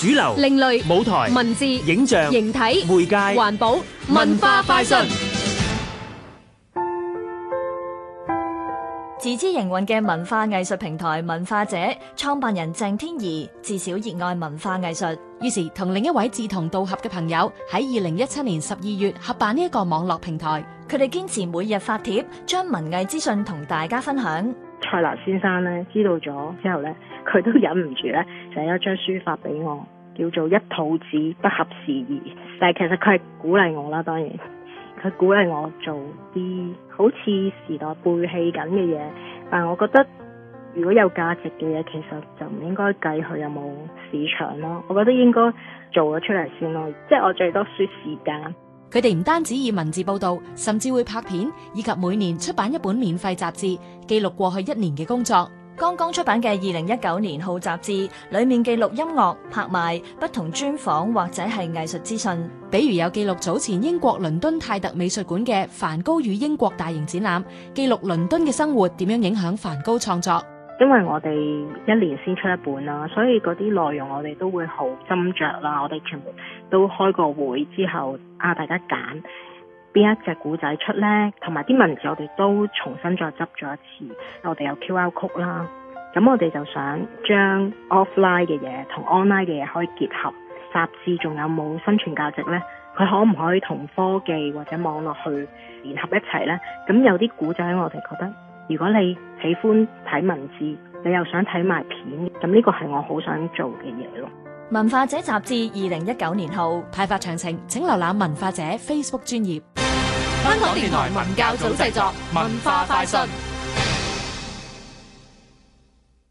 主流、另類舞台、文字、影像、形體、媒介、環保、文化、快訊。自資營運嘅文化藝術平台文化者，創辦人鄭天儀自小熱愛文化藝術，於是同另一位志同道合嘅朋友喺二零一七年十二月合辦呢一個網絡平台。佢哋堅持每日發帖，將文藝資訊同大家分享。蔡瀾先生咧知道咗之後咧，佢都忍唔住咧，就有一張書法俾我，叫做一肚子不合時宜。但係其實佢係鼓勵我啦，當然佢鼓勵我做啲好似時代背棄緊嘅嘢。但係我覺得，如果有價值嘅嘢，其實就唔應該計佢有冇市場咯。我覺得應該做咗出嚟先咯。即係我最多輸時間。佢哋唔單止以文字報道，甚至會拍片，以及每年出版一本免費雜誌，記錄過去一年嘅工作。剛剛出版嘅二零一九年號雜誌，裏面記錄音樂拍賣、不同專訪或者係藝術資訊。比如有記錄早前英國倫敦泰，泰特美術館嘅梵高與英國大型展覽，記錄倫敦嘅生活點樣影響梵高創作。因為我哋一年先出一本啦，所以嗰啲內容我哋都會好斟酌啦。我哋全部都開個會之後，啊，大家揀邊一隻古仔出呢？同埋啲文字我哋都重新再執咗一次。我哋有 Q L 曲啦，咁我哋就想將 offline 嘅嘢同 online 嘅嘢可以結合。雜誌仲有冇生存價值呢？佢可唔可以同科技或者網絡去聯合一齊呢？咁有啲古仔我哋覺得。如果你喜歡睇文字，你又想睇埋片，咁呢個係我好想做嘅嘢咯。文化者雜誌二零一九年號派發詳情，請瀏覽文化者 Facebook 專頁。香港電台文教組製作文化快訊。